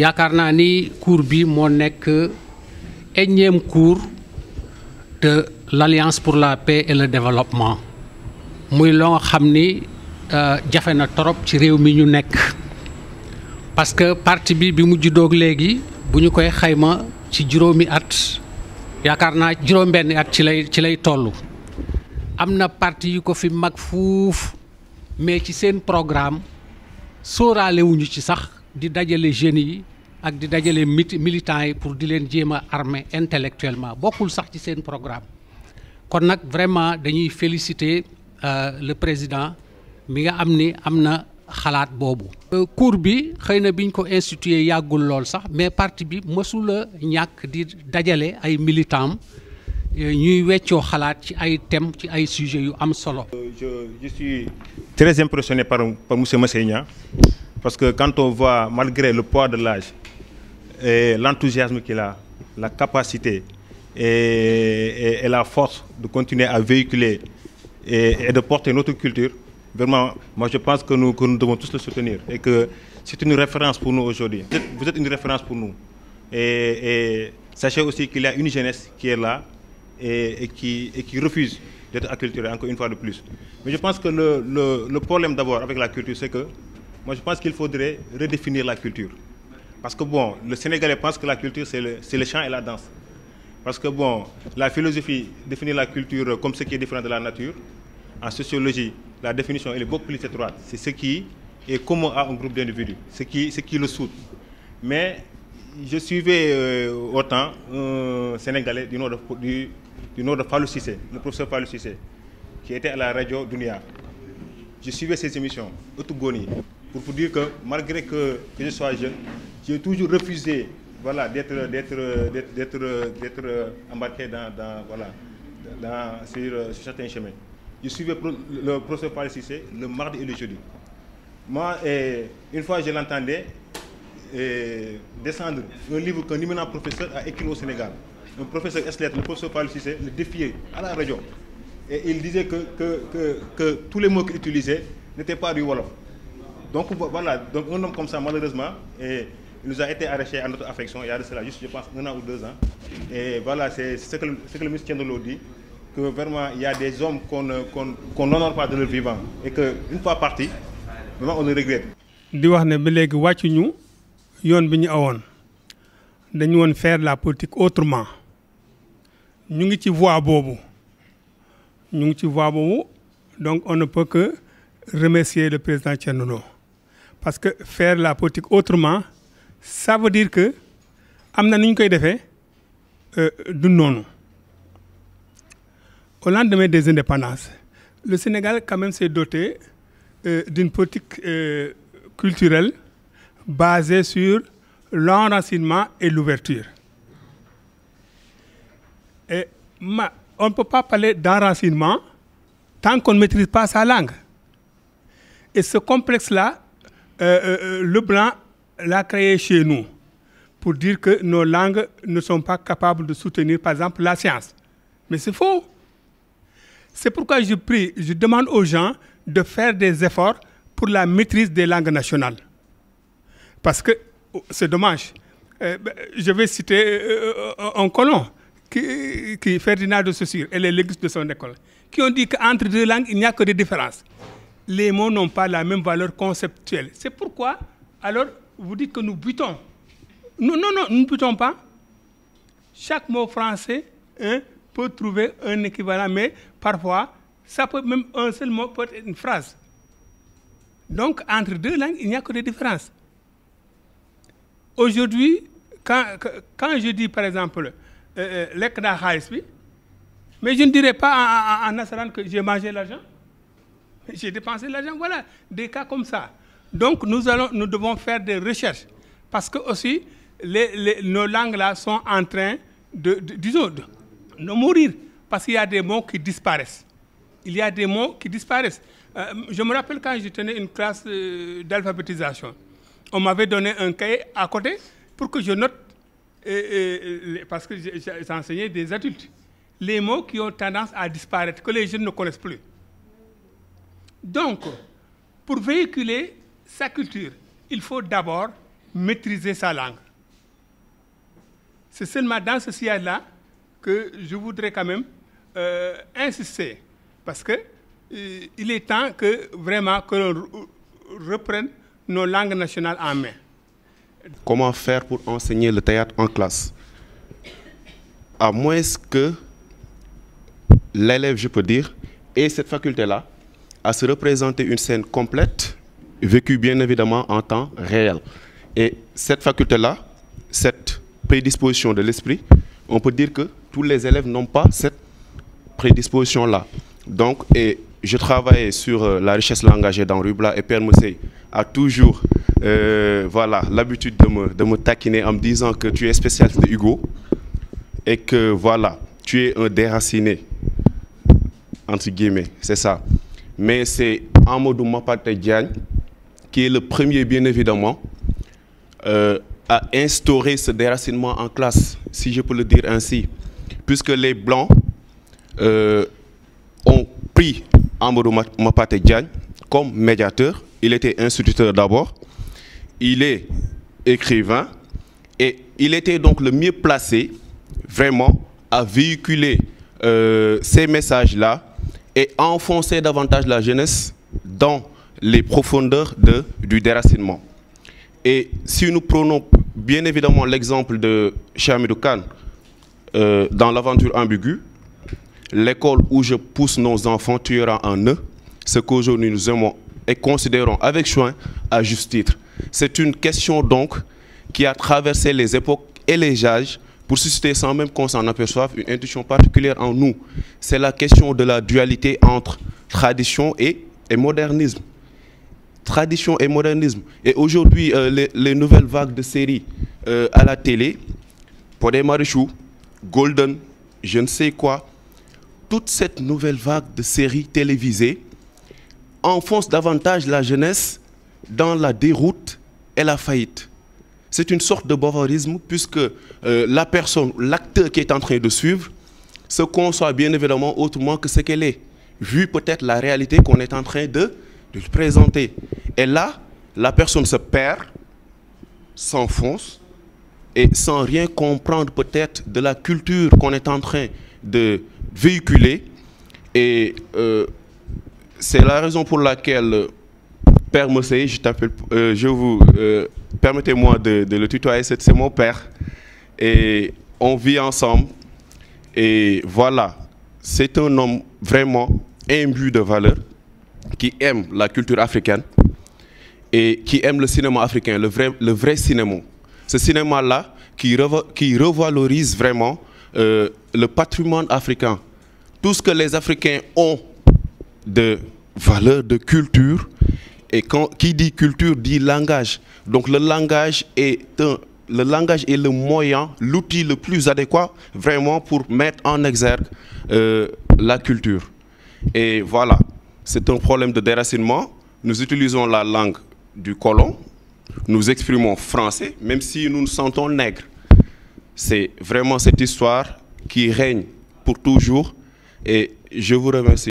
yakarna ni cour bi mo nek énième cour de l'alliance pour la paix et le développement muy lo nga xam ni euh, jafe na torop ci réew mi ñu nek parce que parti bi bi mujj dog légui bu koy xayma ci juroomi at yakarna juroom benn at ci lay ci lay tollu amna parti yu ko fi mag mais ci sen programme sóoraale wuñu ci sax di dajale jeunes yi ak di dajale militants yi pour di leen jéem a armer intellectuellement bokkul sax ci seen programme kon nag vraiment dañuy féliciter euh, le président mi nga am ni am na xalaat boobu. Euh, cours bi xëy na biñ ko institué yàggul lool sax mais parti bi mësula ñàkk di dajale ay militants euh, ñuy weccoo xalaat ci ay thème ci ay sujet yu am solo. je je suis très impressionné par par monsieur Messeynia parce que quand on voit, malgré le poids de l'âge, et l'enthousiasme qu'il a, la capacité et, la force de continuer à véhiculer et, de porter notre culture, vraiment, moi je pense que nous, que nous devons tous le soutenir et que c'est une référence pour nous aujourd'hui. Vous, êtes, une référence pour nous. Et, sachez aussi qu'il y a une jeunesse qui est là et, qui, qui, refuse d'être acculturée, encore une fois de plus. Mais je pense que le, le problème d'abord avec la culture, c'est que moi, je pense qu'il faudrait redéfinir la culture. Parce que, bon, le Sénégalais pense que la culture, c'est le, chant et la danse. Parce que, bon, la philosophie définit la culture comme ce qui est différent de la nature. En sociologie, la définition elle est beaucoup plus étroite. C'est ce qui est commun à un groupe d'individus, ce qui, ce qui le soude. Mais je suivais euh, autant un Sénégalais du nom de, du, le professeur Fallou qui était à la radio Dunia. Je suivais ses émissions, Otugoni, pour, vous dire que malgré que, je sois jeune, j'ai toujours refusé voilà, d'être embarqué dans, voilà, dans, sur, certains chemins. Je suivais le professeur Paris le mardi et le jeudi. Moi, une fois, je l'entendais descendre un livre qu'un imminent professeur a écrit au Sénégal. Un professeur Eslet, le professeur Paris Cissé, le défiait à la région. Et il disait que, que tous les mots qu'il utilisait n'étaient pas du Wolof. Donc voilà, donc un homme comme ça, malheureusement, et il nous a été arraché à notre affection, il y a de cela juste, je pense, un an ou deux ans. Et voilà, c'est ce que, le ministre Tiendolo dit, que vraiment, il y a des hommes qu'on n'honore pas de leur vivant. Et qu'une fois parti, vraiment, on le regrette. di wax ne que nous, wàccuñu yoon nous faire la politique autrement Nous ngi ci bobo, nous ñu ngi ci donc on ne peut que remercier le président Thierno parce que faire la politique autrement ça veut dire que amna ni d'une non. au lendemain des indépendances le Sénégal quand même s'est doté euh, d'une politique euh, culturelle basée sur l'enracinement et l'ouverture et on ne peut pas parler d'enracinement tant qu'on ne maîtrise pas sa langue et ce complexe-là euh, euh, euh, le blanc l'a créé chez nous pour dire que nos langues ne sont pas capables de soutenir, par exemple, la science. Mais c'est faux. C'est pourquoi je prie, je demande aux gens de faire des efforts pour la maîtrise des langues nationales. Parce que oh, c'est dommage. Ben, je vais citer un colon, qui, qui, Ferdinand de Saussure et les légistes de son école, qui ont dit qu'entre deux langues, il n'y a que des différences les mots n'ont pas la même valeur conceptuelle. C'est pourquoi, alors, vous dites que nous butons. Non, non, non, nous ne butons pas. Chaque mot français hein, peut trouver un équivalent, mais parfois, ça peut même un seul mot peut être une phrase. Donc, entre deux langues, il n'y a que des différences. Aujourd'hui, quand, je dis, par exemple, euh, euh mais je ne dirais pas en, en, que j'ai mangé l'argent. J'ai dépensé l'argent. Voilà, des cas comme ça. Donc, nous, allons, nous devons faire des recherches. Parce que aussi, nos langues-là sont en train de, mourir. Parce qu'il y a des mots qui disparaissent. Il y a des mots qui disparaissent. Euh, je me rappelle quand je tenais une classe euh, d'alphabétisation. On m'avait donné un cahier à côté pour que je note, euh, parce que j'enseignais des adultes, les mots qui ont tendance à disparaître, que les jeunes ne connaissent plus. Donc, pour véhiculer sa culture, il faut d'abord maîtriser sa langue. C'est seulement dans ce siège là que je voudrais quand même euh, insister, parce que euh, il est temps que vraiment que l'on reprenne nos langues nationales en main. Comment faire pour enseigner le théâtre en classe À moins que l'élève, je peux dire, ait cette faculté-là à se représenter une scène complète, vécue bien évidemment en temps réel. Et cette faculté-là, cette prédisposition de l'esprit, on peut dire que tous les élèves n'ont pas cette prédisposition-là. Donc, et je travaillais sur euh, la richesse langagée dans Rubla et Père Moussey a toujours euh, voilà, l'habitude de me, de me taquiner en me disant que tu es spécialiste de Hugo et que voilà, tu es un déraciné, entre guillemets, c'est ça mais c'est Amadou Mapate Diagne qui est le premier, bien évidemment, euh, à instaurer ce déracinement en classe, si je peux le dire ainsi, puisque les Blancs euh, ont pris Amadou Mapate Diagne comme médiateur. Il était instituteur d'abord, il est écrivain, et il était donc le mieux placé, vraiment, à véhiculer euh, ces messages-là et enfoncer davantage la jeunesse dans les profondeurs du déracinement. Et si nous prenons bien évidemment l'exemple de Chamidou Khan euh, dans l'aventure ambiguë, l'école où je pousse nos enfants tuera en eux ce qu'aujourd'hui nous aimons et considérons avec soin à juste titre. C'est une question donc qui a traversé les époques et les âges pour susciter sans même qu'on s'en aperçoive une intuition particulière en nous. C'est la question de la dualité entre tradition et, modernisme. Tradition et modernisme. Et aujourd'hui, euh, les, nouvelles vagues de séries euh, à la télé, des Marichou, Golden, je ne sais quoi, toute cette nouvelle vague de séries télévisées enfonce davantage la jeunesse dans la déroute et la faillite c'est une sorte de bavarisme puisque euh, la personne, l'acteur qui est en train de suivre, se conçoit bien évidemment autrement que ce qu'elle est, vu peut-être la réalité qu'on est en train de, présenter. Et là, la personne se perd, s'enfonce, et sans rien comprendre peut-être de la culture qu'on est en train de véhiculer. Et euh, c'est la raison pour laquelle, Père Mossei, je, t'appelle, euh, je vous permettez-moi de, le tutoyer, c'est mon père. Et on vit ensemble. Et voilà, c'est un homme vraiment imbu de valeur, qui aime la culture africaine et qui aime le cinéma africain, le vrai, le vrai cinéma. Ce cinéma-là qui, qui revalorise vraiment euh, le patrimoine africain. Tout ce que les Africains ont de valeur, de culture, et quand, qui dit culture dit langage. Donc le langage est le langage le moyen, l'outil le plus adéquat vraiment pour mettre en exergue euh, la culture. Et voilà, c'est un problème de déracinement. Nous utilisons la langue du colon, nous exprimons français, même si nous nous sentons nègres. C'est vraiment cette histoire qui règne pour toujours. Et je vous remercie.